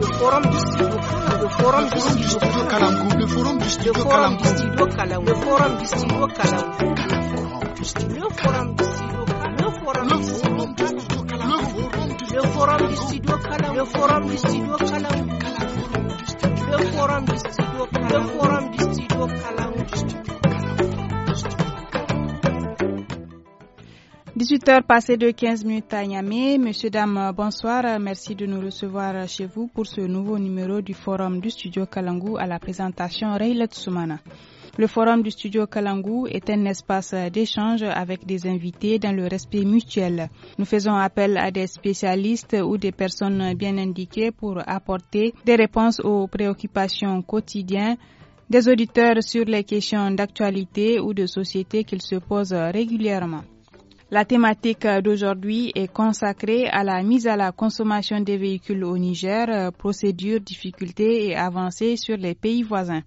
le forum du studio le le forum du studio Kalamkou le forum du studio Kalamkou 18h passées de 15 minutes à Niamey. Monsieur, dames, bonsoir. Merci de nous recevoir chez vous pour ce nouveau numéro du Forum du Studio Kalangou à la présentation Raylet Tsumana. Le forum du studio Kalangu est un espace d'échange avec des invités dans le respect mutuel. Nous faisons appel à des spécialistes ou des personnes bien indiquées pour apporter des réponses aux préoccupations quotidiennes des auditeurs sur les questions d'actualité ou de société qu'ils se posent régulièrement. La thématique d'aujourd'hui est consacrée à la mise à la consommation des véhicules au Niger, procédures, difficultés et avancées sur les pays voisins.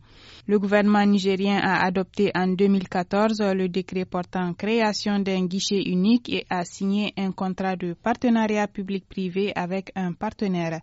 Le gouvernement nigérien a adopté en 2014 le décret portant création d'un guichet unique et a signé un contrat de partenariat public-privé avec un partenaire.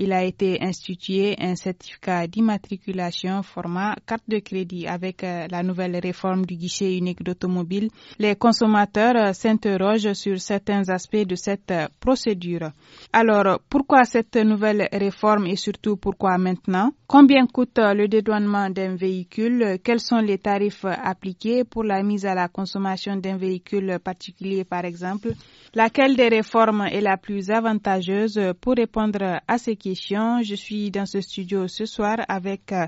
Il a été institué un certificat d'immatriculation format carte de crédit avec euh, la nouvelle réforme du guichet unique d'automobile. Les consommateurs euh, s'interrogent sur certains aspects de cette euh, procédure. Alors, pourquoi cette nouvelle réforme et surtout pourquoi maintenant Combien coûte le dédouanement d'un véhicule Quels sont les tarifs appliqués pour la mise à la consommation d'un véhicule particulier, par exemple Laquelle des réformes est la plus avantageuse pour répondre à ces questions je suis dans ce studio ce soir avec euh,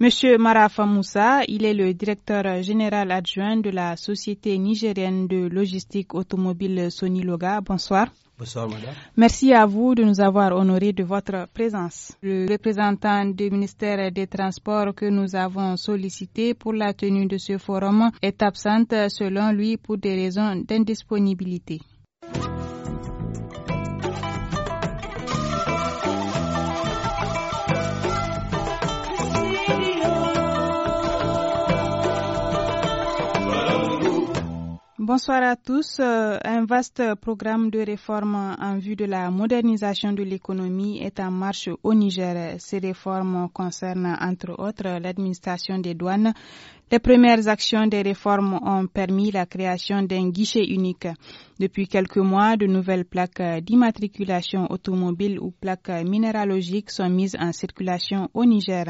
Monsieur Marafa Moussa, il est le directeur général adjoint de la société nigérienne de logistique automobile Sony Loga. Bonsoir. Bonsoir, madame. Merci à vous de nous avoir honoré de votre présence. Le représentant du ministère des Transports que nous avons sollicité pour la tenue de ce forum est absent selon lui, pour des raisons d'indisponibilité. Bonsoir à tous. Euh, un vaste programme de réformes en vue de la modernisation de l'économie est en marche au Niger. Ces réformes concernent entre autres l'administration des douanes. Les premières actions des réformes ont permis la création d'un guichet unique. Depuis quelques mois, de nouvelles plaques d'immatriculation automobile ou plaques minéralogiques sont mises en circulation au Niger.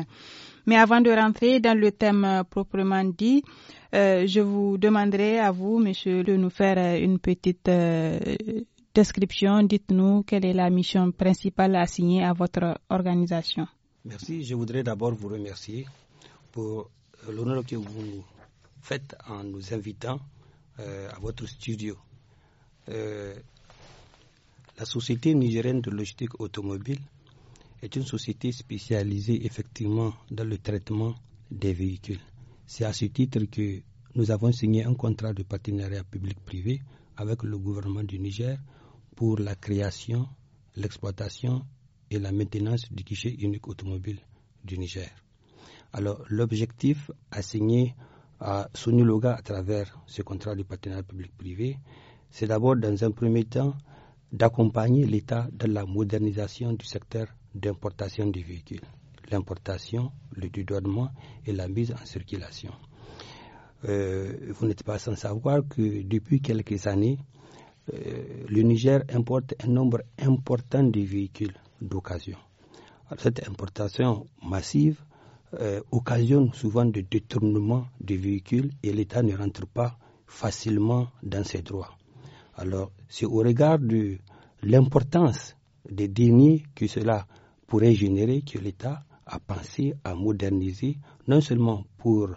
Mais avant de rentrer dans le thème euh, proprement dit, euh, je vous demanderai à vous, monsieur, de nous faire euh, une petite description. Dites-nous quelle est la mission principale assignée à votre organisation. Merci. Je voudrais d'abord vous remercier pour l'honneur que vous faites en nous invitant à votre studio. la Société nigérienne de logistique automobile est une société spécialisée effectivement dans le traitement des véhicules. C'est à ce titre que nous avons signé un contrat de partenariat public-privé avec le gouvernement du Niger pour la création, l'exploitation et la maintenance du guichet unique automobile du Niger. Alors l'objectif assigné à Loga à travers ce contrat de partenariat public-privé, c'est d'abord dans un premier temps d'accompagner l'État dans la modernisation du secteur d'importation du véhicules. L'importation, le dédouanement et la mise en circulation. Euh, vous n'êtes pas sans savoir que depuis quelques années, euh, le Niger importe un nombre important de véhicules d'occasion. Cette importation massive euh, occasionne souvent des détournements de véhicules et l'État ne rentre pas facilement dans ses droits. Alors, c'est au regard de l'importance des deniers que cela pour générer que l'État a pensé à moderniser, non seulement pour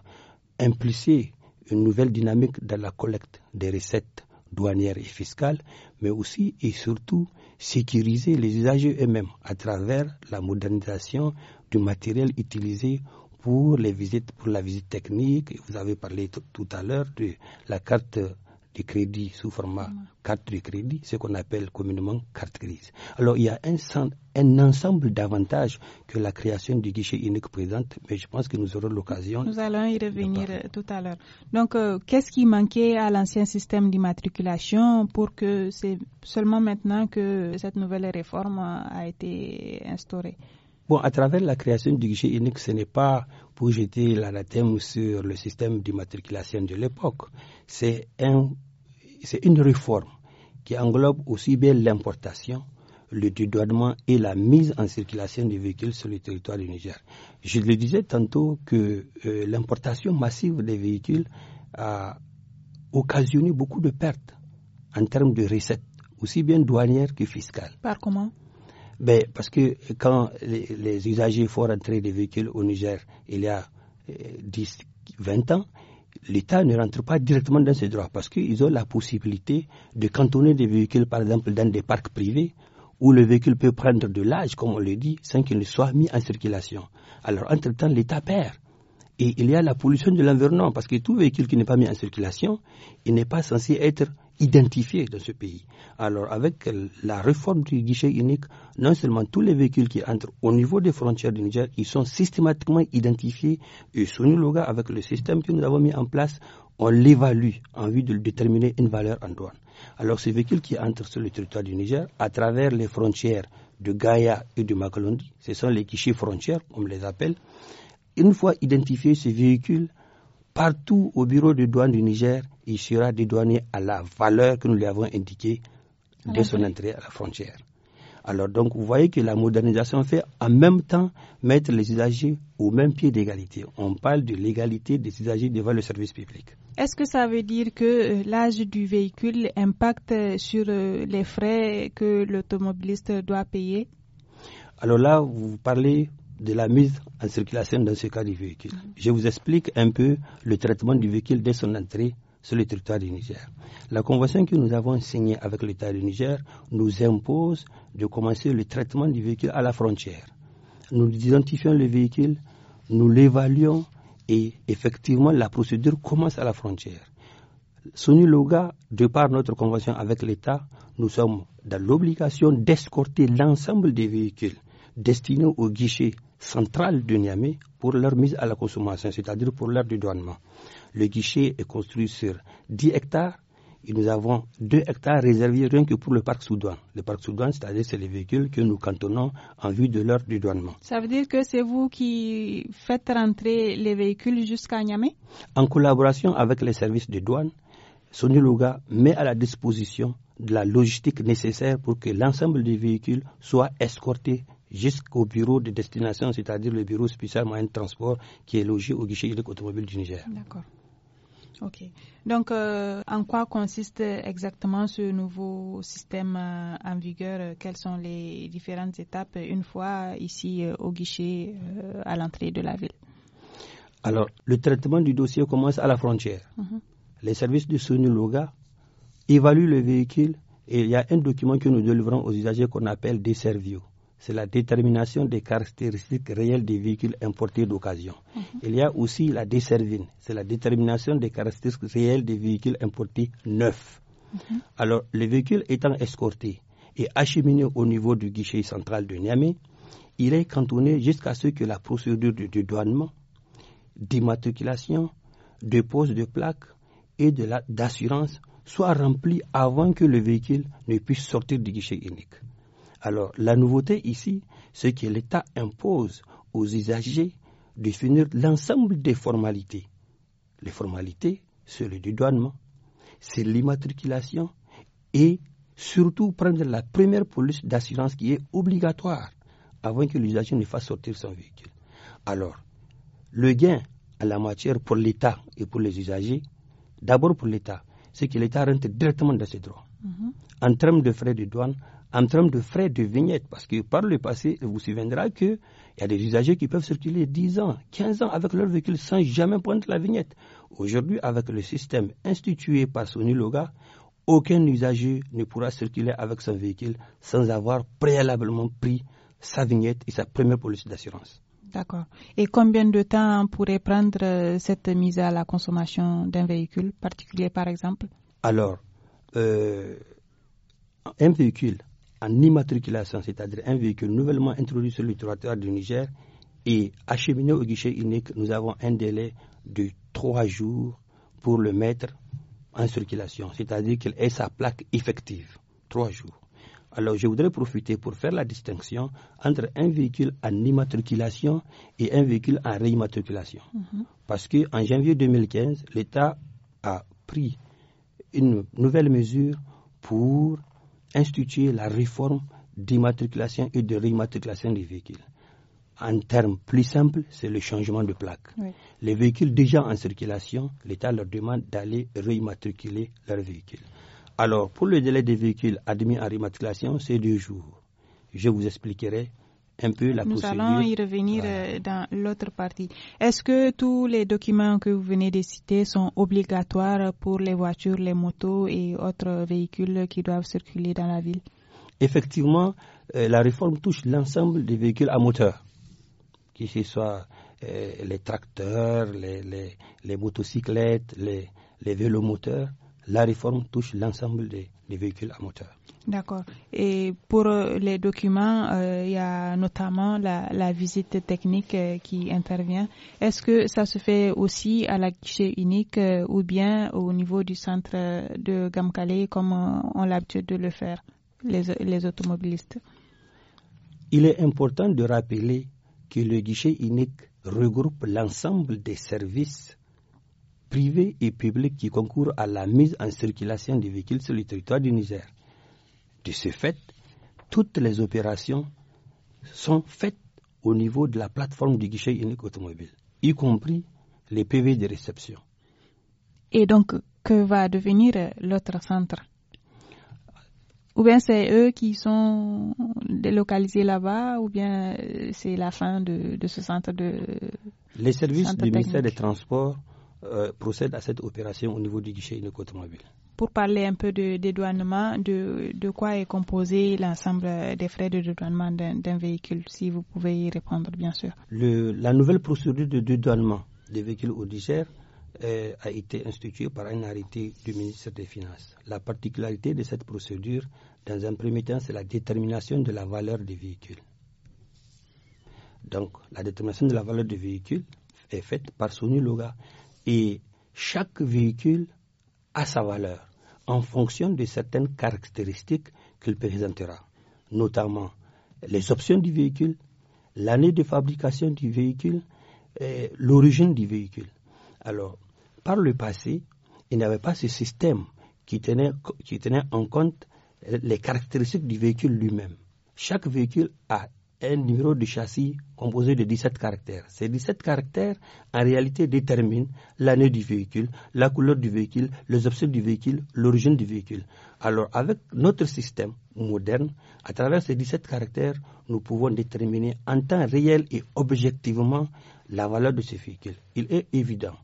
impulser une nouvelle dynamique dans la collecte des recettes douanières et fiscales, mais aussi et surtout sécuriser les usagers eux-mêmes à travers la modernisation du matériel utilisé pour les visites, pour la visite technique. Vous avez parlé tout à l'heure de la carte du crédit sous format mm. carte de crédit, ce qu'on appelle communément carte grise. Alors il y a un, un ensemble d'avantages que la création du guichet unique présente, mais je pense que nous aurons l'occasion. Nous allons y revenir tout à l'heure. Donc euh, qu'est-ce qui manquait à l'ancien système d'immatriculation pour que c'est seulement maintenant que cette nouvelle réforme a été instaurée Bon, à travers la création du guichet unique, ce n'est pas pour jeter l'anathème sur le système d'immatriculation de l'époque. C'est un c'est une réforme qui englobe aussi bien l'importation, le dédouanement et la mise en circulation des véhicules sur le territoire du Niger. Je le disais tantôt que euh, l'importation massive des véhicules a occasionné beaucoup de pertes en termes de recettes, aussi bien douanières que fiscales. Par comment ben, Parce que quand les, usagers font rentrer des véhicules au Niger il y a 10, euh, 20 ans, l'État ne rentre pas directement dans ces droits parce qu'ils ont la possibilité de cantonner des véhicules, par exemple, dans des parcs privés où le véhicule peut prendre de l'âge, comme on le dit, sans qu'il ne soit mis en circulation. Alors, entre-temps, l'État perd. Et il y a la pollution de l'environnement parce que tout véhicule qui n'est pas mis en circulation, il n'est pas censé être identifiés dans ce pays. Alors avec la réforme du guichet unique, non seulement tous les véhicules qui entrent au niveau des frontières du Niger, ils sont systématiquement identifiés et Loga, avec le système que nous avons mis en place, on l'évalue en vue de déterminer une valeur en douane. Alors ces véhicules qui entrent sur le territoire du Niger, à travers les frontières de Gaïa et de Makalondi, ce sont les guichets frontières, comme on les appelle, une fois identifiés ces véhicules, partout au bureau de douane du Niger, il sera dédouané à la valeur que nous lui avons indiquée dès son entrée à la frontière. Alors donc vous voyez que la modernisation fait en même temps mettre les usagers au même pied d'égalité. On parle de l'égalité des usagers devant le service public. Est-ce que ça veut dire que euh, l'âge du véhicule impacte sur euh, les frais que l'automobiliste doit payer Alors là, vous parlez de la mise en circulation dans ce cas du véhicule. Mm-hmm. Je vous explique un peu le traitement du véhicule dès son entrée sur le territoire du Niger. La convention que nous avons signée avec l'État du Niger nous impose de commencer le traitement du véhicule à la frontière. Nous identifions le véhicule, nous l'évaluons et effectivement la procédure commence à la frontière. Sony Loga, de par notre convention avec l'État, nous sommes dans l'obligation d'escorter l'ensemble des véhicules destinés au guichet centrale de Niamey pour leur mise à la consommation, c'est-à-dire pour leur douanement. Le guichet est construit sur 10 hectares et nous avons 2 hectares réservés rien que pour le parc Soudan. Le parc Soudan, c'est-à-dire c'est les véhicules que nous cantonnons en vue de leur dédouanement. Ça veut dire que c'est vous qui faites rentrer les véhicules jusqu'à Niamey En collaboration avec les services de douane, Soniloga met à la disposition de la logistique nécessaire pour que l'ensemble des véhicules soient escortés jusqu'au bureau de destination, c'est-à-dire le bureau spécial moyen de transport qui est logé au guichet de automobile du Niger. D'accord. Ok. Donc, euh, en quoi consiste exactement ce nouveau système euh, en vigueur Quelles sont les différentes étapes une fois ici euh, au guichet à l'entrée de la ville Alors, le traitement du dossier commence à la frontière. Mhm. Les services du Loga évaluent le véhicule et il y a un document que nous délivrons aux usagers qu'on appelle des servios c'est la détermination des caractéristiques réelles des véhicules importés d'occasion. Mhm. Il y a aussi la desservine, c'est la détermination des caractéristiques réelles des véhicules importés neufs. Mhm. Alors, le véhicule étant escorté et acheminé au niveau du guichet central de Niamey, il est cantonné jusqu'à ce que la procédure de douanement, d'immatriculation, de pose de plaques et d'assurance soit remplie avant que le véhicule ne puisse sortir du guichet unique. Alors, la nouveauté ici, c'est que l'État impose aux usagers de finir l'ensemble des formalités. Les formalités, c'est le dédouanement, c'est l'immatriculation et surtout prendre la première police d'assurance qui est obligatoire avant que l'usager ne fasse sortir son véhicule. Alors, le gain à la matière pour l'État et pour les usagers, d'abord pour l'État, c'est que l'État rentre directement dans ses droits en termes de frais de douane, en termes de frais de vignette, parce que par le passé, vous vous souviendrez qu'il y a des usagers qui peuvent circuler 10 ans, 15 ans avec leur véhicule sans jamais prendre la vignette. Aujourd'hui, avec le système institué par Sony Loga, aucun usager ne pourra circuler avec son véhicule sans avoir préalablement pris sa vignette et sa première police d'assurance. D'accord. Et combien de temps pourrait prendre euh, cette mise à la consommation d'un véhicule particulier, par exemple Alors, euh, un véhicule en immatriculation, c'est-à-dire un véhicule nouvellement introduit sur le territoire du Niger et acheminé au guichet unique, nous avons un délai de trois jours pour le mettre en circulation, c'est-à-dire qu'il ait sa plaque effective. Trois jours. Alors je voudrais profiter pour faire la distinction entre un véhicule en immatriculation et un véhicule en réimmatriculation. Mm-hmm. Parce qu'en janvier 2015, l'État a pris une nouvelle mesure pour instituer la réforme d'immatriculation et de réimmatriculation des véhicules. En termes plus simples, c'est le changement de plaque. Les véhicules déjà en circulation, l'État leur demande d'aller réimmatriculer leurs véhicules. Alors, pour le délai des véhicules admis en réimmatriculation, c'est deux jours. Je vous expliquerai nous allons y revenir euh, dans l'autre partie. Est-ce que tous les documents que vous venez de citer sont obligatoires pour les voitures, les motos et autres véhicules qui doivent circuler dans la ville Effectivement, euh, la réforme touche l'ensemble des véhicules à moteur, que ce soit euh, les tracteurs, les, motocyclettes, les, les vélomoteurs la réforme touche l'ensemble des, véhicules à moteur. D'accord. Et pour euh, les documents, euh, il y a notamment la, visite technique euh, qui intervient. Est-ce que ça se fait aussi à la guichet unique ou bien au niveau du centre de Gamkale comme on l'habitude de le faire, les, les automobilistes Il est important de rappeler que le guichet unique regroupe l'ensemble des services privés et publics qui concourent à la mise en circulation des véhicules sur le territoire du Niger. De ce fait, toutes les opérations sont faites au niveau de la plateforme du guichet unique automobile, y compris les PV de réception. Et donc, que va devenir l'autre centre Ou bien c'est eux qui sont délocalisés là-bas, ou bien euh, c'est la fin de, ce centre de... Les services du ministère des Transports euh, procède à cette opération au niveau du guichet unique automobile. Pour parler un peu de dédouanement, de, quoi est composé l'ensemble des frais de dédouanement d'un véhicule, si vous pouvez y répondre, bien sûr. la nouvelle procédure de dédouanement des véhicules au guichet euh, a été instituée par un arrêté du ministre des Finances. La particularité de cette procédure, dans un premier temps, c'est la détermination de la valeur des véhicules. Donc, la détermination de la valeur du véhicule est faite par Sony Loga. Et chaque véhicule a sa valeur en fonction de certaines caractéristiques qu'il présentera, notamment les options du véhicule, l'année de fabrication du véhicule, euh, l'origine du véhicule. Alors, par le passé, il n'y avait pas ce système qui tenait, qui tenait en compte les caractéristiques du véhicule lui-même. Chaque véhicule a un numéro de châssis composé de 17 caractères. Ces 17 caractères, en réalité, déterminent l'année du véhicule, la couleur du véhicule, les obstacles du véhicule, l'origine du véhicule. Alors, avec notre système moderne, à travers ces 17 caractères, nous pouvons déterminer en temps réel et objectivement la valeur de ces véhicules. Il est évident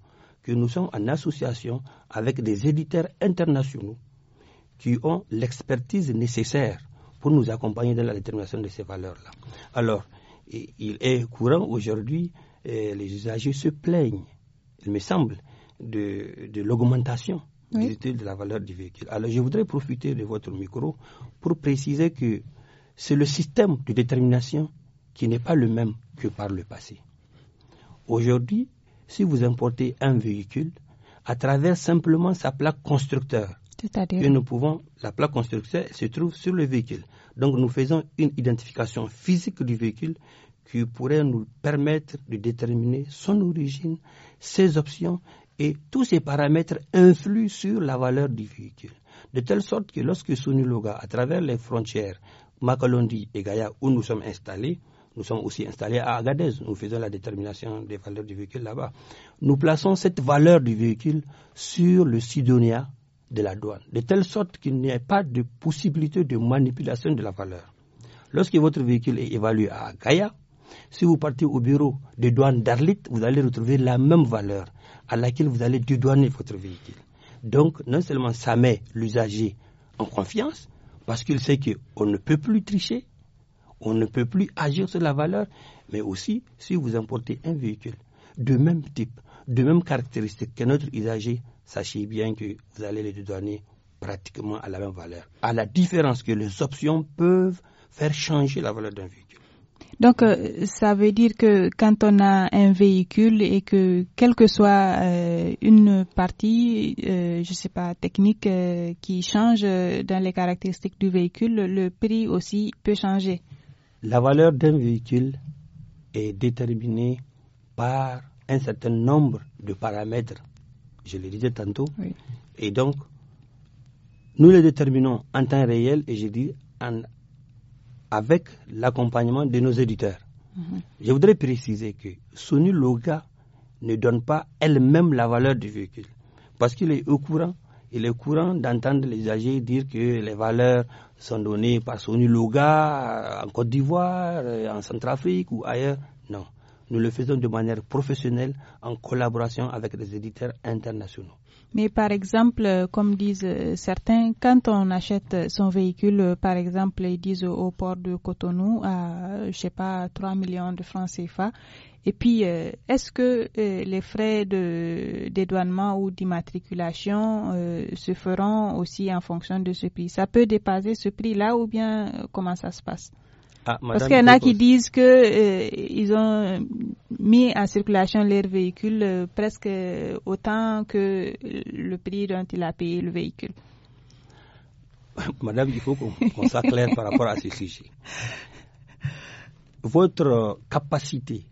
que nous sommes en association avec des éditeurs internationaux qui ont l'expertise nécessaire pour nous accompagner dans la détermination de ces valeurs-là. Alors, il est courant aujourd'hui, eh, les usagers se plaignent, il me semble, de, l'augmentation de la valeur du véhicule. Alors, je voudrais profiter de votre micro pour préciser que c'est le système de détermination qui n'est pas le même que par le passé. Aujourd'hui, si vous importez un véhicule, à travers simplement sa plaque constructeur, que nous pouvons, la plaque constructeur se trouve sur le véhicule. Donc nous faisons une identification physique du véhicule qui pourrait nous permettre de déterminer son origine, ses options et tous ces paramètres influent sur la valeur du véhicule. De telle sorte que lorsque loga à travers les frontières Makalondi et Gaïa, où nous sommes installés, nous sommes aussi installés à Agadez. Nous faisons la détermination des valeurs du véhicule là-bas. Nous plaçons cette valeur du véhicule sur le Sidonia de la douane, de telle sorte qu'il n'y ait pas de possibilité de manipulation de la valeur. Lorsque votre véhicule est évalué à Gaïa, si vous partez au bureau de douane d'Arlit, vous allez retrouver la même valeur à laquelle vous allez dédouaner votre véhicule. Donc, non seulement ça met l'usager en confiance, parce qu'il sait qu'on ne peut plus tricher, on ne peut plus agir sur la valeur, mais aussi si vous importez un véhicule de même type, de même caractéristique qu'un autre usager, sachez bien que vous allez les donner pratiquement à la même valeur. À la différence que les options peuvent faire changer la valeur d'un véhicule. Donc, euh, ça veut dire que quand on a un véhicule et que, quelle que soit euh, une partie, je euh, je sais pas, technique qui change dans les caractéristiques du véhicule, le prix aussi peut changer. La valeur d'un véhicule est déterminée par un certain nombre de paramètres je le disais tantôt. Et donc, nous les déterminons en temps réel, et je dis avec l'accompagnement de nos éditeurs. Mhm. Je voudrais préciser que Sony Loga ne donne pas elle-même la valeur du véhicule. Parce qu'il est au courant, il est courant d'entendre les âgés dire que les valeurs sont données par Sony Loga en Côte d'Ivoire, en Centrafrique ou ailleurs. Non. Nous le faisons de manière professionnelle en collaboration avec des éditeurs internationaux. Mais par exemple, comme disent euh, certains, quand on achète son véhicule, par exemple, ils disent au port de Cotonou à, je sais pas, 3 millions de francs CFA. Et puis, euh, est-ce que euh, les frais de dédouanement ou d'immatriculation se feront aussi en fonction de ce prix Ça peut dépasser ce prix-là ou bien comment ça se passe ah, Parce qu'il y en a qui disent que euh, ils ont mis en circulation leur véhicule euh, presque autant que le prix dont il a payé le véhicule. Madame, il faut qu'on soit clair par rapport à ce sujet. Votre capacité,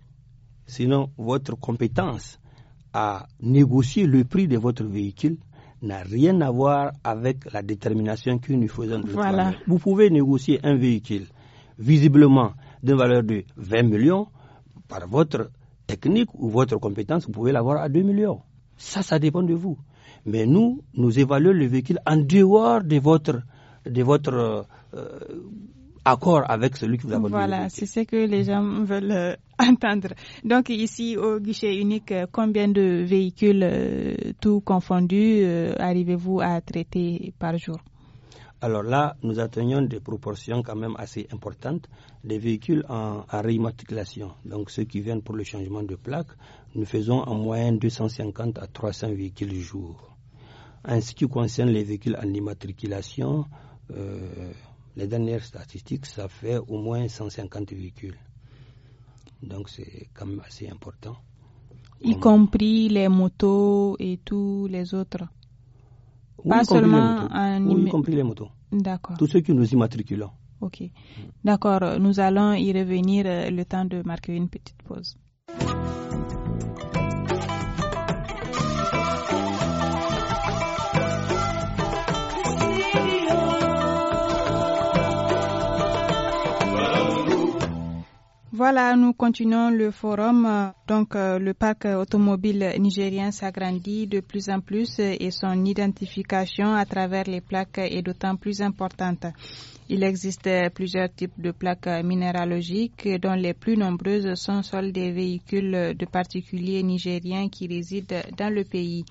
sinon votre compétence à négocier le prix de votre véhicule n'a rien à voir avec la détermination que nous faisons. Voilà. Vous pouvez négocier un véhicule visiblement d'une valeur de 20 millions, par votre technique ou votre compétence, vous pouvez l'avoir à 2 millions. Ça, ça dépend de vous. Mais nous, nous évaluons le véhicule en dehors de votre, de votre euh, euh, accord avec celui que vous avez Voilà, c'est ce que les gens veulent euh, entendre. Donc ici, au guichet unique, combien de véhicules, tout confondus, arrivez-vous à traiter par jour alors là, nous atteignons des proportions quand même assez importantes des véhicules en, en réimmatriculation. Donc ceux qui viennent pour le changement de plaque, nous faisons en moyenne 250 à 300 véhicules jour. En ce qui concerne les véhicules en immatriculation, euh, les dernières statistiques, ça fait au moins 150 véhicules. Donc c'est quand même assez important. Y compris les motos et tous les autres pas seulement en oui, y compris les motos. D'accord. Tous ceux qui nous immatriculons. Ok. D'accord, nous allons y revenir euh, le temps de marquer une petite pause. Voilà, nous continuons le forum. Donc, euh, le parc automobile nigérien s'agrandit de plus en plus et son identification à travers les plaques est d'autant plus importante. Il existe plusieurs types de plaques minéralogiques dont les plus nombreuses sont celles des véhicules de particuliers nigériens qui résident dans le pays.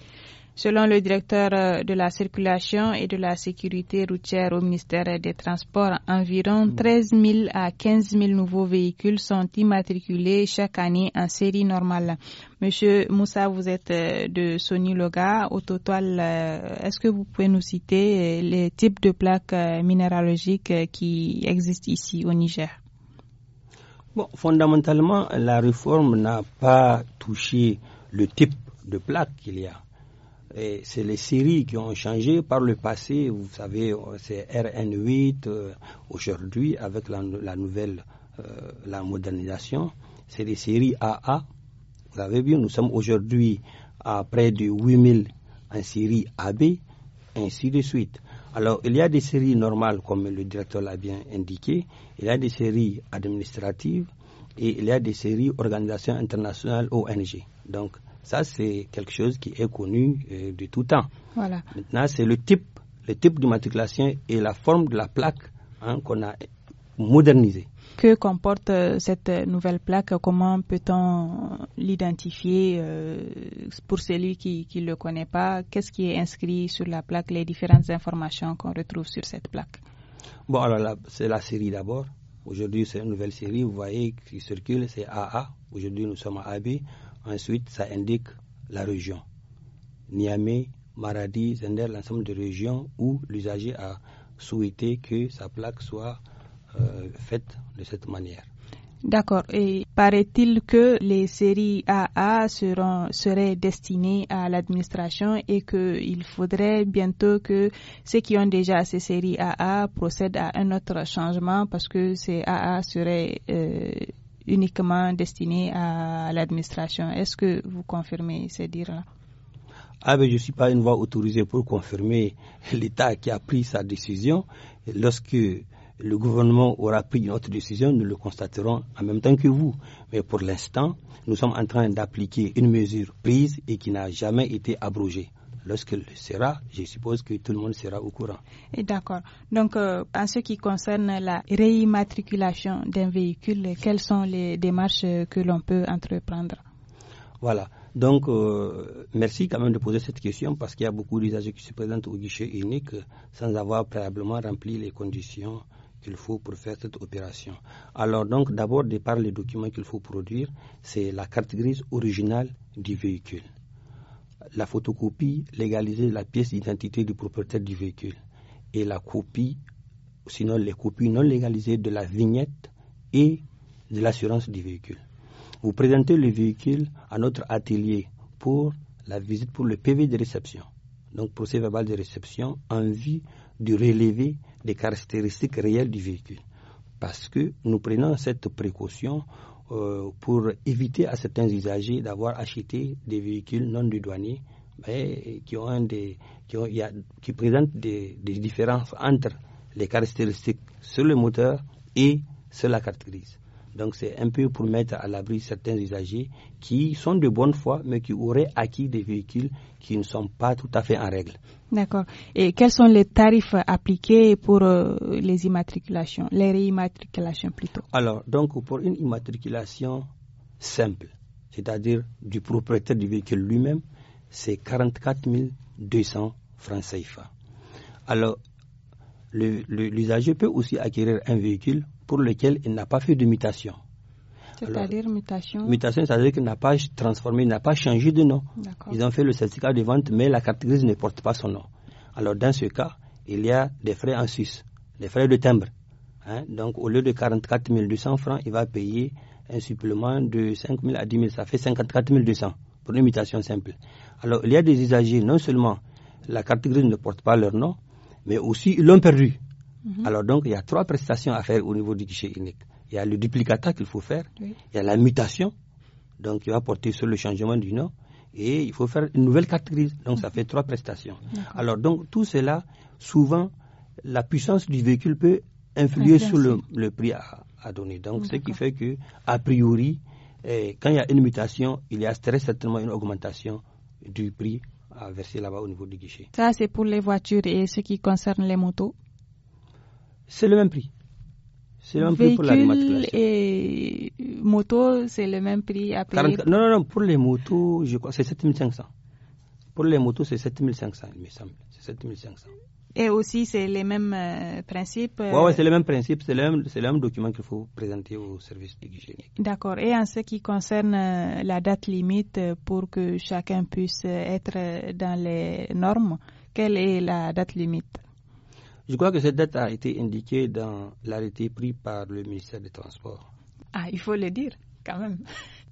Selon le directeur euh, de la circulation et de la sécurité routière au ministère des Transports, environ 13 000 à 15 000 nouveaux véhicules sont immatriculés chaque année en série normale. Monsieur Moussa, vous êtes euh, de Sony Loga. Au total, euh, est-ce que vous pouvez nous citer les types de plaques minéralogiques qui existent ici au Niger? Bon, fondamentalement, la réforme n'a pas touché le type de plaque qu'il y a c'est les séries qui ont changé par le passé. Vous savez, c'est RN8 euh, aujourd'hui avec la, nouvelle, euh, la modernisation. C'est les séries AA. Vous avez vu, nous sommes aujourd'hui à près de 8000 en série AB, ainsi de suite. Alors, il y a des séries normales, comme le directeur l'a bien indiqué, il y a des séries administratives et il y a des séries organisations internationales ONG. Donc, ça, c'est quelque chose qui est connu euh, de tout temps. Voilà. Maintenant, c'est le type, le type d'immatriculation matriculation et la forme de la plaque hein, qu'on a modernisée. Que comporte euh, cette nouvelle plaque Comment peut-on l'identifier euh, pour celui qui ne le connaît pas Qu'est-ce qui est inscrit sur la plaque Les différentes informations qu'on retrouve sur cette plaque Bon, alors c'est la série d'abord. Aujourd'hui, c'est une nouvelle série, vous voyez, qui circule, c'est AA. Aujourd'hui, nous sommes à AB. Ensuite, ça indique la région. Niamey, Maradi, Zender, l'ensemble des régions où l'usager a souhaité que sa plaque soit euh, faite de cette manière. D'accord. Et paraît-il que les séries AA seront, seraient destinées à l'administration et qu'il faudrait bientôt que ceux qui ont déjà ces séries AA procèdent à un autre changement parce que ces AA seraient euh, uniquement destiné à l'administration. Est-ce que vous confirmez ces dires-là ah ben, je ne suis pas une voix autorisée pour confirmer l'État qui a pris sa décision. Lorsque le gouvernement aura pris une autre décision, nous le constaterons en même temps que vous. Mais pour l'instant, nous sommes en train d'appliquer une mesure prise et qui n'a jamais été abrogée. Lorsqu'elle sera, je suppose que tout le monde sera au courant. D'accord. Donc, euh, en ce qui concerne la réimmatriculation d'un véhicule, quelles sont les démarches que l'on peut entreprendre Voilà. Donc, euh, merci quand même de poser cette question parce qu'il y a beaucoup d'usagers qui se présentent au guichet unique sans avoir préalablement rempli les conditions qu'il faut pour faire cette opération. Alors donc, d'abord, de par les documents qu'il faut produire, c'est la carte grise originale du véhicule la photocopie légalisée de la pièce d'identité du propriétaire du véhicule et la copie, sinon les copies non légalisées de la vignette et de l'assurance du véhicule. Vous présentez le véhicule à notre atelier pour la visite pour le PV de réception, donc procès verbal de réception, en vue de relever des caractéristiques réelles du véhicule. Parce que nous prenons cette précaution euh, pour éviter à certains usagers d'avoir acheté des véhicules non douanier mais qui, ont des, qui, présentent des, des différences entre les caractéristiques sur le moteur et sur la carte grise. Donc c'est un peu pour mettre à l'abri certains usagers qui sont de bonne foi, mais qui auraient acquis des véhicules qui ne sont pas tout à fait en règle. D'accord. Et quels sont les tarifs appliqués pour euh, les immatriculations, les réimmatriculations plutôt Alors, donc pour une immatriculation simple, c'est-à-dire du propriétaire du véhicule lui-même, c'est 44 200 francs CFA. Alors, l'usager peut aussi acquérir un véhicule pour lequel il n'a pas fait de mutation. C'est-à-dire mutation Mutation, c'est-à-dire qu'il n'a pas transformé, il n'a pas changé de nom. Ils ont fait le certificat de vente, mais la carte grise ne porte pas son nom. Alors, dans ce cas, il y a des frais en Suisse, des frais de timbre. Hein. Donc, au lieu de 44 200 francs, il va payer un supplément de 5 000 à 10 000. Ça fait 54 200 pour une mutation simple. Alors, il y a des usagers, non seulement la carte grise ne porte pas leur nom, mais aussi ils l'ont perdu. Mhm. Alors donc, il y a trois prestations à faire au niveau du guichet unique. Il y a le duplicata qu'il faut faire, il y a la mutation, donc qui va porter sur le changement du nom, et il faut faire une nouvelle carte grise. Donc, ça mhm. fait trois prestations. Alors donc, tout cela, souvent, la puissance du véhicule peut influer sur le, prix à, donner. Donc, ce qui fait que, a priori, eh, quand il y a une mutation, il y a très certainement une augmentation du prix à verser là-bas au niveau du guichet. Ça, c'est pour les voitures et ce qui concerne les motos c'est le même prix. C'est le même prix pour la et euh, moto, c'est le même prix à Non, non, non, pour les motos, je crois c'est 7500. Pour les motos, c'est 7500, il me semble. C'est 7500. Et aussi, c'est les mêmes euh, principes. Oui, euh, c'est les mêmes principes, c'est le, même, document qu'il faut présenter au service D'accord. Et en ce qui concerne la date limite pour que chacun puisse être dans les normes, quelle est la date limite je crois que cette date a été indiquée dans l'arrêté pris par le ministère des Transports. Ah, il faut le dire quand même.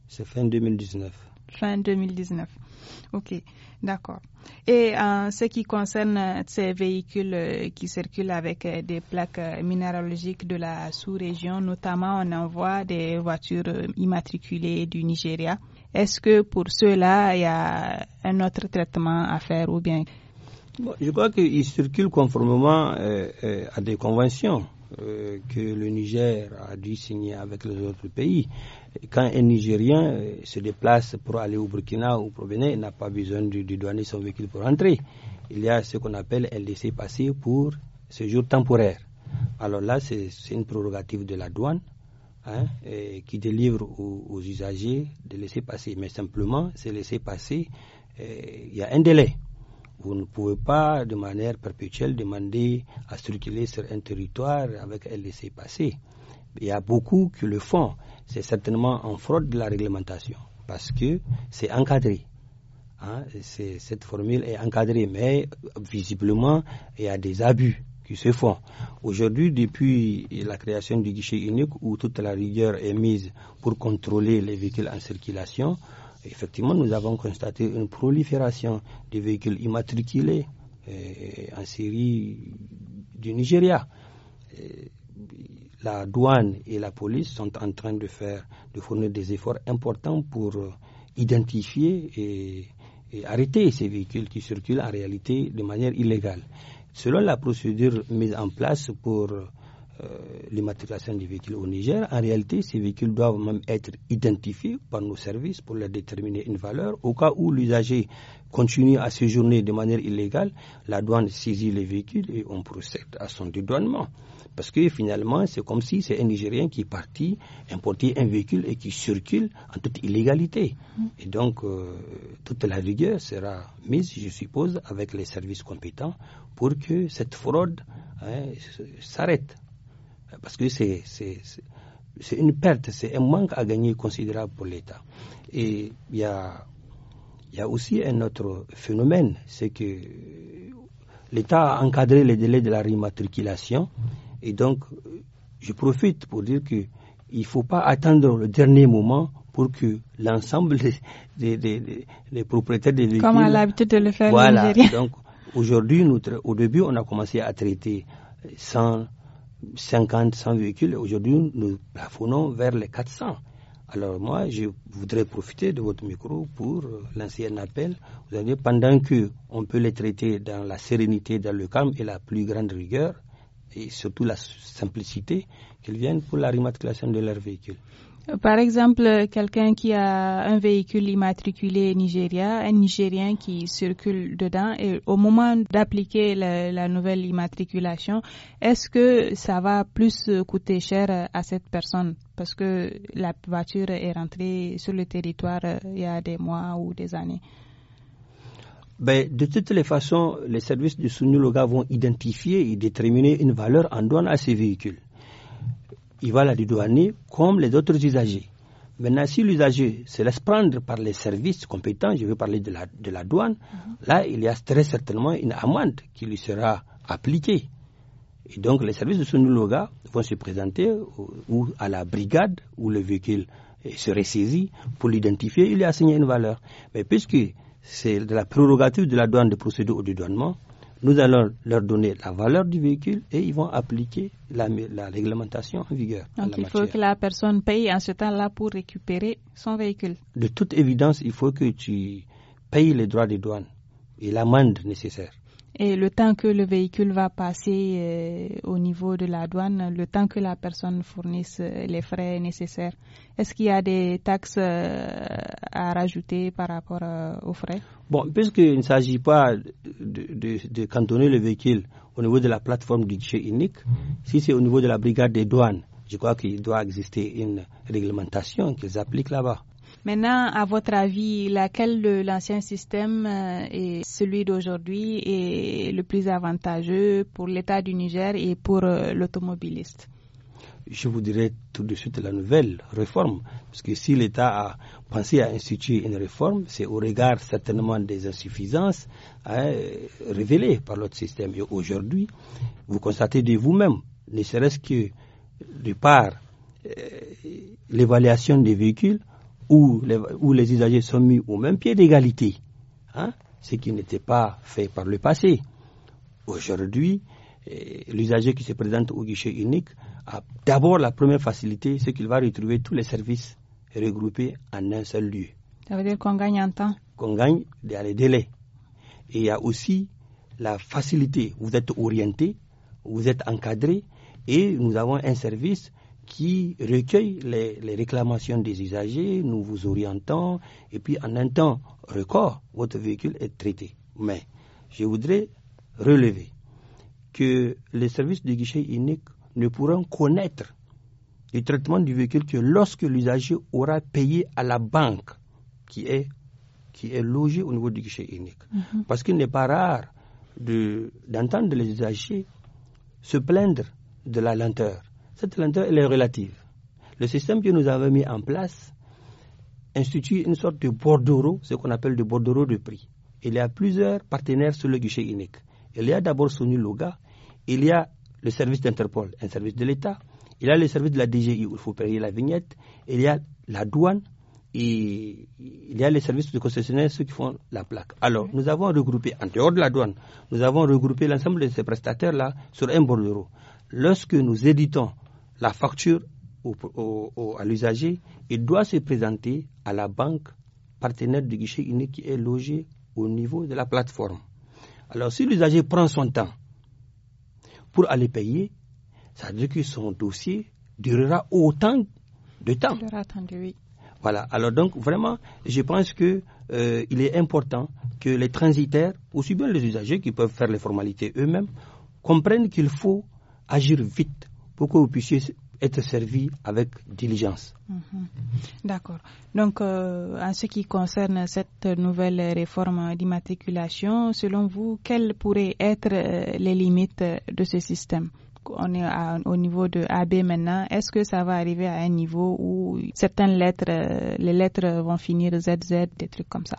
C'est fin 2019. Fin 2019. OK, d'accord. Et en ce qui concerne euh, ces véhicules euh, qui circulent avec euh, des plaques minéralogiques de la sous-région, notamment on envoie des voitures immatriculées du Nigeria. Est-ce que pour cela, il y a un autre traitement à faire ou bien je crois qu'il circule conformément euh, euh, à des conventions euh, que le Niger a dû signer avec les autres pays. Quand un Nigérien se déplace pour aller au Burkina ou au Bénin, il n'a pas besoin de, douaner son véhicule pour entrer. Il y a ce qu'on appelle un laisser passer pour séjour temporaire. Alors là, c'est une prorogative de la douane hein, qui délivre aux, aux, usagers de laisser passer. Mais simplement, c'est laisser passer, il y a un délai. Vous ne pouvez pas de manière perpétuelle demander à circuler sur un territoire avec un laissé passer Il y a beaucoup qui le font. C'est certainement en fraude de la réglementation parce que c'est encadré. Hein, cette formule est encadrée, mais visiblement, il y a des abus qui se font. Aujourd'hui, depuis la création du guichet unique où toute la rigueur est mise pour contrôler les véhicules en circulation, effectivement, nous avons constaté une prolifération des véhicules immatriculés euh, en série du Nigeria. Euh, la douane et la police sont en train de faire, de fournir des efforts importants pour euh, identifier et arrêter ces véhicules qui circulent en réalité de manière illégale. Selon la procédure mise en place pour euh, l'immatriculation des véhicules au Niger, en réalité, ces véhicules doivent même être identifiés par nos services pour leur déterminer une valeur. Au cas où l'usager continue à séjourner de manière illégale, la douane saisit les véhicules et on procède à son dédouanement. Parce que finalement, c'est comme si c'est un Nigérien qui est parti importer un véhicule et qui circule en toute illégalité. Mm. Et donc, euh, toute la rigueur sera mise, je suppose, avec les services compétents pour que cette fraude hein, s'arrête parce que c'est une perte, c'est un manque à gagner considérable pour l'État. Et il y a, y a aussi un autre phénomène, c'est que l'État a encadré les délais de la rématriculation. Et donc, je profite pour dire qu'il ne faut pas attendre le dernier moment pour que l'ensemble des, des, des, propriétaires des véhicules... Comme à l'habitude de le faire Voilà, donc aujourd'hui, au début, on a commencé à traiter sans... 50, 100 véhicules. Aujourd'hui, nous plafonnons vers les 400. Alors moi, je voudrais profiter de votre micro pour euh, lancer un appel. Vous avez, pendant que on peut les traiter dans la sérénité, dans le calme et la plus grande rigueur, et surtout la simplicité, qu'ils viennent pour la rematriculation de leurs véhicules. Par exemple, quelqu'un qui a un véhicule immatriculé Nigeria, un Nigérien qui circule dedans, et au moment d'appliquer la, nouvelle immatriculation, est-ce que ça va plus coûter cher à cette personne parce que la voiture est rentrée sur le territoire euh, il y a des mois ou des années ben, de toutes les façons, les services du Sunuloga vont identifier et déterminer une valeur en douane à ces véhicules il va la dédouaner comme les autres usagers. Maintenant, si l'usager se laisse prendre par les services compétents, je veux parler de la, de la douane, mhm. là, il y a très certainement une amende qui lui sera appliquée. Et donc, les services de Sunuloga vont se présenter ou, à la brigade où le véhicule serait saisi pour l'identifier et lui assigner une valeur. Mais puisque c'est de la prérogative de la douane de procéder au dédouanement, nous allons leur donner la valeur du véhicule et ils vont appliquer la, réglementation en vigueur. Donc il faut que la personne paye en ce temps-là pour récupérer son véhicule. De toute évidence, il faut que tu payes les droits de douane et l'amende nécessaire. Et le temps que le véhicule va passer euh, au niveau de la douane, le temps que la personne fournisse euh, les frais nécessaires, est-ce qu'il y a des taxes euh, à rajouter par rapport aux frais Bon, puisqu'il ne s'agit pas de, de, de, cantonner le véhicule au niveau de la plateforme du guichet unique, mhm. si c'est au niveau de la brigade des douanes, je crois qu'il doit exister une réglementation qu'ils appliquent là-bas. Maintenant, à votre avis, laquelle de l'ancien système et euh, celui d'aujourd'hui est le plus avantageux pour l'État du Niger et pour euh, l'automobiliste je vous dirais tout de suite la nouvelle réforme. Parce que si l'État a pensé à instituer une réforme, c'est au regard certainement des insuffisances hein, révélées par l'autre système. aujourd'hui, vous constatez de vous-même, ne serait-ce que de part euh, l'évaluation des véhicules, où les, usagers sont mis au même pied d'égalité, hein, ce qui n'était pas fait par le passé. Aujourd'hui, eh, l'usager qui se présente au guichet unique a d'abord la première facilité, c'est qu'il va retrouver tous les services regroupés en un seul lieu. Ça veut dire qu'on gagne en temps Qu'on gagne dans les délais. Et il y a aussi la facilité. Vous êtes orienté, vous êtes encadré et nous avons un service qui recueille les, réclamations des usagers, nous vous orientons, et puis en un temps record, votre véhicule est traité. Mais je voudrais relever que les services de guichet unique ne pourront connaître le traitement du véhicule que lorsque l'usager aura payé à la banque qui est, qui est logée au niveau du guichet unique. Mhm. Parce qu'il n'est pas rare d'entendre les usagers se plaindre de la lenteur. Cette lenteur, elle est relative. Le système que nous avons mis en place institue une sorte de bordereau, ce qu'on appelle le bordereau de prix. Il y a plusieurs partenaires sur le guichet unique. Il y a d'abord Sony Loga, il y a le service d'Interpol, un service de l'État, il y a le service de la DGI où il faut payer la vignette, il y a la douane, et il y a les services de concessionnaires, ceux qui font la plaque. Alors, nous avons regroupé, en dehors de la douane, nous avons regroupé l'ensemble de ces prestataires-là sur un bordereau. Lorsque nous éditons la facture au, à l'usager, il doit se présenter à la banque partenaire du guichet unique qui est logée au niveau de la plateforme. Alors si l'usager prend son temps pour aller payer, ça veut dire que son dossier durera autant de temps. Attendu, oui. Voilà. Alors donc vraiment, je pense que euh, il est important que les transitaires, aussi bien les usagers qui peuvent faire les formalités eux-mêmes, comprennent qu'il faut agir vite pour que vous puissiez être servi avec diligence. Mhm. D'accord. Donc, euh, en ce qui concerne cette nouvelle réforme d'immatriculation, selon vous, quelles pourraient être euh, les limites de ce système on est au niveau de AB maintenant. Est-ce que ça va arriver à un niveau où certaines lettres, euh, les lettres vont finir ZZ, des trucs comme ça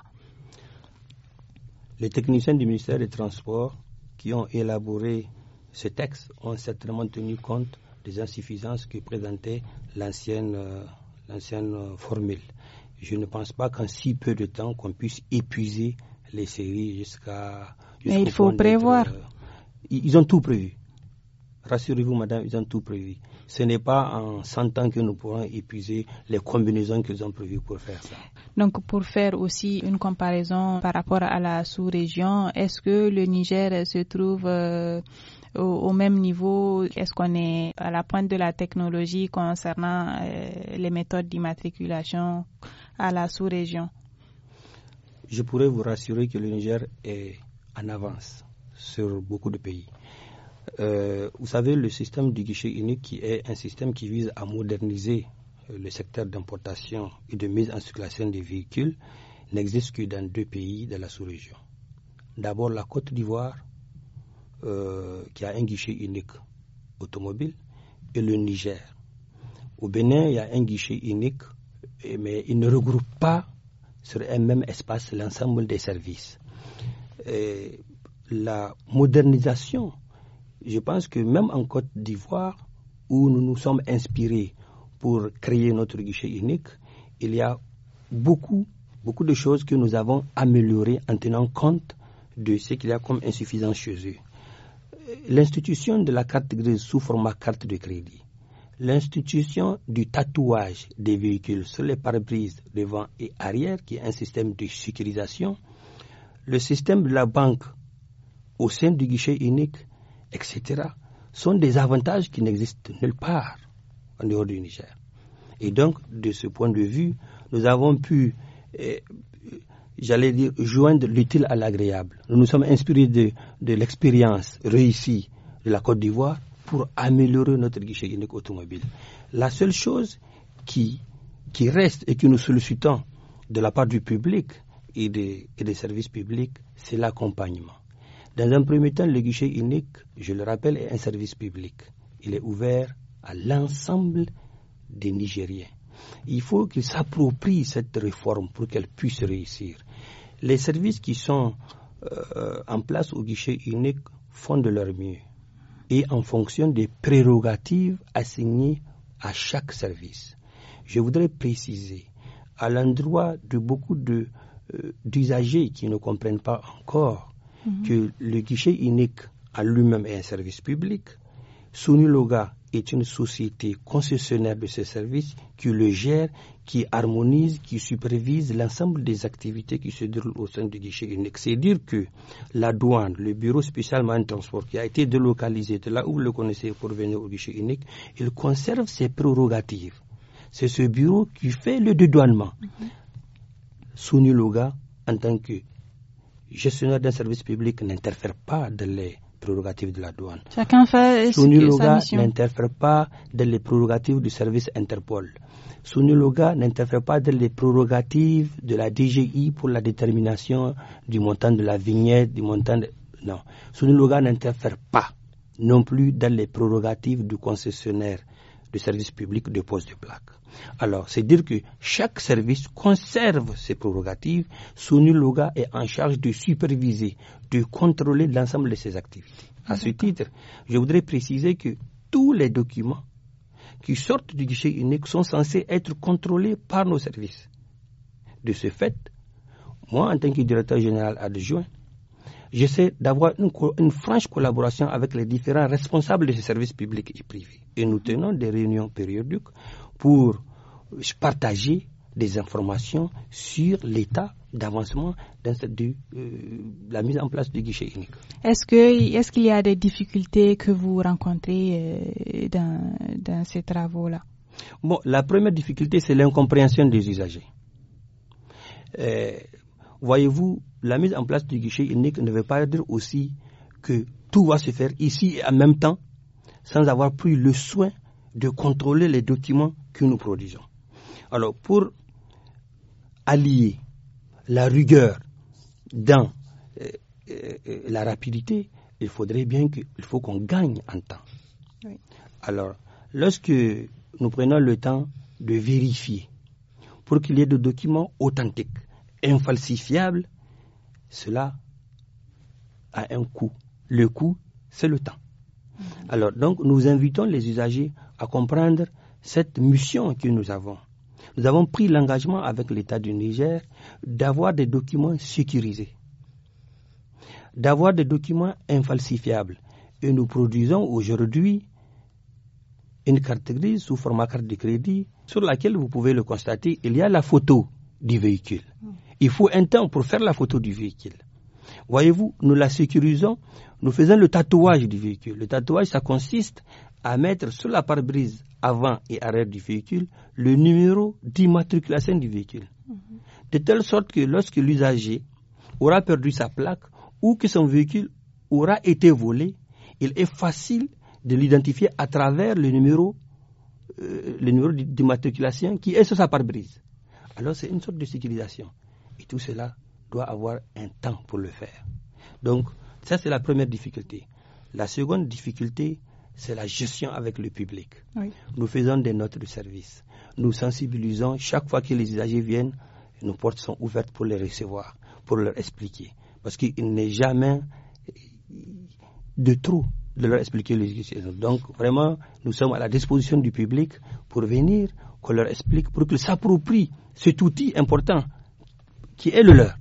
Les techniciens du ministère des Transports qui ont élaboré ce texte ont certainement tenu compte les insuffisances que présentait l'ancienne euh, euh, formule. Je ne pense pas qu'en si peu de temps qu'on puisse épuiser les séries jusqu'à. Mais il faut prévoir. Euh, ils ont tout prévu. Rassurez-vous, madame, ils ont tout prévu. Ce n'est pas en 100 ans que nous pourrons épuiser les combinaisons qu'ils ont prévues pour faire ça. Donc, pour faire aussi une comparaison par rapport à la sous-région, est-ce que le Niger se trouve au, même niveau Est-ce qu'on est à la pointe de la technologie concernant euh, les méthodes d'immatriculation à la sous-région Je pourrais vous rassurer que le Niger est en avance sur beaucoup de pays. Euh, vous savez, le système du guichet unique qui est un système qui vise à moderniser euh, le secteur d'importation et de mise en circulation des véhicules n'existe que dans deux pays de la sous-région. D'abord la Côte d'Ivoire euh, qui a un guichet unique automobile, et le Niger. Au Bénin, il y a un guichet unique, mais il ne regroupe pas sur un même espace l'ensemble des services. la modernisation, je pense que même en Côte d'Ivoire, où nous nous sommes inspirés pour créer notre guichet unique, il y a beaucoup, beaucoup de choses que nous avons améliorées en tenant compte de ce qu'il y a comme insuffisance chez eux l'institution de la carte grise sous format carte de crédit, l'institution du tatouage des véhicules sur les pare-brises devant et arrière, qui est un système de sécurisation, le système de la banque au sein du guichet unique, etc., sont des avantages qui n'existent nulle part en dehors du Niger. Et donc, de ce point de vue, nous avons pu euh, j'allais dire, joindre l'utile à l'agréable. Nous nous sommes inspirés de, de l'expérience réussie de la Côte d'Ivoire pour améliorer notre guichet unique automobile. La seule chose qui, qui reste et que nous sollicitons de la part du public et des, et des services publics, c'est l'accompagnement. Dans un premier temps, le guichet unique, je le rappelle, est un service public. Il est ouvert à l'ensemble des Nigériens. Il faut qu'ils s'approprient cette réforme pour qu'elle puisse réussir les services qui sont euh, en place au guichet unique font de leur mieux et en fonction des prérogatives assignées à chaque service. Je voudrais préciser, à l'endroit de beaucoup euh, d'usagers qui ne comprennent pas encore mhm. que le guichet unique à lui-même est un service public, est une société concessionnaire de ces services qui le gère, qui harmonise, qui supervise l'ensemble des activités qui se déroulent au sein du guichet unique. C'est dire que la douane, le bureau spécialement en transport qui a été délocalisé de là où vous le connaissez pour venir au guichet unique, il conserve ses prérogatives. C'est ce bureau qui fait le dédouanement. Mhm. Souni Loga, en tant que gestionnaire d'un service public, n'interfère pas de les prérogatives de la douane. Chacun fait Suniloga n'interfère pas dans les prorogatives du service Interpol. Suniloga n'interfère pas dans les prorogatives de la DGI pour la détermination du montant de la vignette, du montant de... Non. Suniloga n'interfère pas non plus dans les prorogatives du concessionnaire de service public de poste de plaque. Alors, c'est dire que chaque service conserve ses prérogatives. Sonu Loga est en charge de superviser, de contrôler l'ensemble de ses activités. À ce titre, je voudrais préciser que tous les documents qui sortent du guichet unique sont censés être contrôlés par nos services. De ce fait, moi, en tant que directeur général adjoint, j'essaie d'avoir une, franche collaboration avec les différents responsables de ces services publics et privés. Et nous tenons des réunions périodiques pour partager des informations sur l'état d'avancement de euh, la mise en place du guichet unique. Est-ce est-ce qu'il y a des difficultés que vous rencontrez euh, dans, ces travaux-là Bon, la première difficulté, c'est l'incompréhension des usagers. Euh, voyez-vous, la mise en place du guichet unique ne veut pas dire aussi que tout va se faire ici et en même temps, sans avoir pris le soin de contrôler les documents que nous produisons. Alors, pour allier la rigueur dans euh, euh, la rapidité, il faudrait bien qu'il faut qu'on gagne en temps. Alors, lorsque nous prenons le temps de vérifier pour qu'il y ait des documents authentiques, infalsifiables, cela a un coût. Le coût, c'est le temps. Mhm. Alors, donc, nous invitons les usagers à comprendre cette mission que nous avons. Nous avons pris l'engagement avec l'État du Niger d'avoir des documents sécurisés, d'avoir des documents infalsifiables. Et nous produisons aujourd'hui une carte grise sous format carte de crédit sur laquelle vous pouvez le constater, il y a la photo du véhicule. Mmh. Il faut un temps pour faire la photo du véhicule. Voyez-vous, nous la sécurisons, nous faisons le tatouage du véhicule. Le tatouage, ça consiste à mettre sur la pare-brise avant et arrière du véhicule le numéro d'immatriculation du véhicule. Mhm. De telle sorte que lorsque l'usager aura perdu sa plaque ou que son véhicule aura été volé, il est facile de l'identifier à travers le numéro, euh, le numéro d'immatriculation qui est sur sa pare-brise. Alors c'est une sorte de sécurisation. Et tout cela doit avoir un temps pour le faire. Donc, ça, c'est la première difficulté. La seconde difficulté, c'est la gestion avec le public. Nous faisons des notes de service. Nous sensibilisons chaque fois que les usagers viennent, nos portes sont ouvertes pour les recevoir, pour leur expliquer. Parce qu'il n'est jamais de trop de leur expliquer les choses. Donc, vraiment, nous sommes à la disposition du public pour venir, qu'on leur explique, pour qu'ils s'approprient cet outil important qui est le leur.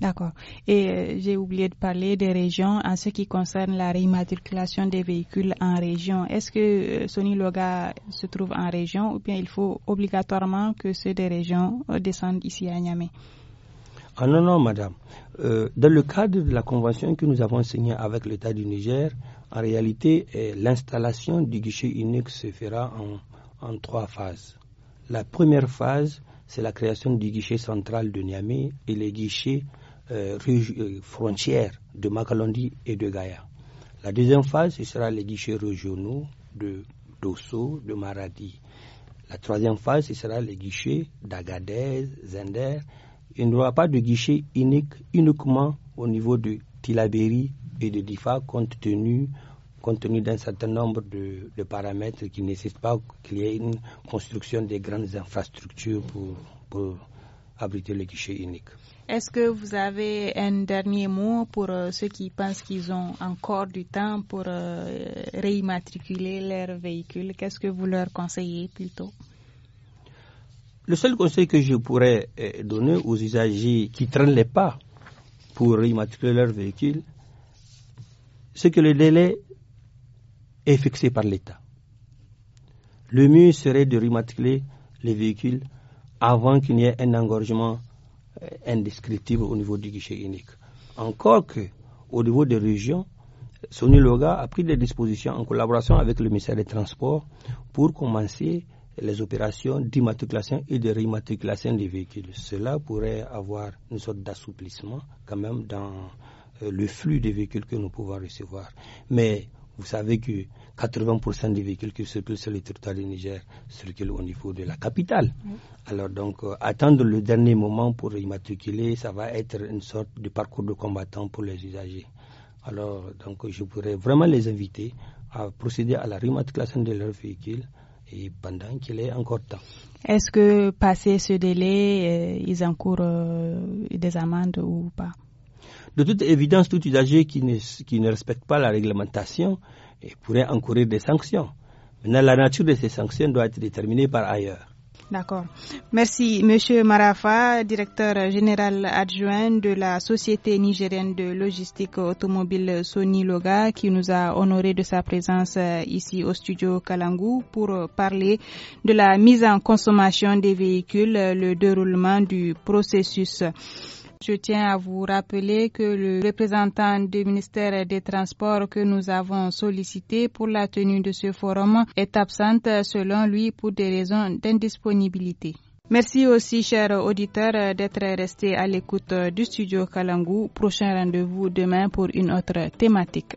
D'accord. Et euh, j'ai oublié de parler des régions en ce qui concerne la réimmatriculation des véhicules en région. Est-ce que euh, Sony Loga se trouve en région ou bien il faut obligatoirement que ceux des régions euh, descendent ici à Niamey Ah non, non, madame. dans le cadre de la convention que nous avons signée avec l'État du Niger, en réalité, l'installation du guichet unique se fera en, en trois phases. La première phase, c'est la création du guichet central de Niamey et les guichets euh, euh, frontières de Makalondi et de Gaïa. La deuxième phase, ce sera les guichets régionaux de Dosso, de Maradi. La troisième phase, ce sera les guichets d'Agadez, Zender. Il n'y aura pas de guichet unique uniquement au niveau de Tilaberi et de Difa, compte tenu, compte tenu d'un certain nombre de, paramètres qui nécessitent pas qu'il y ait une construction des grandes infrastructures pour abriter les guichets uniques. Est-ce que vous avez un dernier mot pour euh, ceux qui pensent qu'ils ont encore du temps pour euh, réimmatriculer leur véhicule Qu'est-ce que vous leur conseillez plutôt Le seul conseil que je pourrais euh, donner aux usagers qui traînent les pas pour réimmatriculer leur véhicule, c'est que le délai est fixé par l'État. Le mieux serait de réimmatriculer les véhicules avant qu'il n'y ait un engorgement euh, indescriptible au niveau du guichet unique. Encore que, au niveau des régions, Sony Loga a pris des dispositions en collaboration avec le ministère des Transports pour commencer les opérations d'immatriculation et de réimmatriculation des véhicules. Cela pourrait avoir une sorte d'assouplissement quand même dans euh, le flux des véhicules que nous pouvons recevoir. Mais vous savez que 80% des véhicules qui circulent sur le territoire du Niger circulent au niveau de la capitale. Alors donc, euh, attendre le dernier moment pour immatriculer, ça va être une sorte de parcours de combattant pour les usagers. Alors donc, je pourrais vraiment les inviter à procéder à la rematriculation de leurs véhicules et pendant qu'il est encore temps. Est-ce que passer ce délai, euh, ils encourent euh, des amendes ou pas de toute évidence, tout usager qui ne, respecte pas la réglementation eh, pourrait encourir des sanctions. Maintenant, la nature de ces sanctions doit être déterminée par ailleurs. D'accord. Merci, Monsieur Marafa, directeur général adjoint de la Société nigérienne de logistique automobile Sony Loga, qui nous a honoré de sa présence euh, ici au studio Kalangu pour parler de la mise en consommation des véhicules, euh, le déroulement du processus. Je tiens à vous rappeler que le représentant du ministère des Transports que nous avons sollicité pour la tenue de ce forum est absent selon lui pour des raisons d'indisponibilité. Merci aussi, chers auditeurs, d'être restés à l'écoute du studio Kalangu. Prochain rendez-vous demain pour une autre thématique.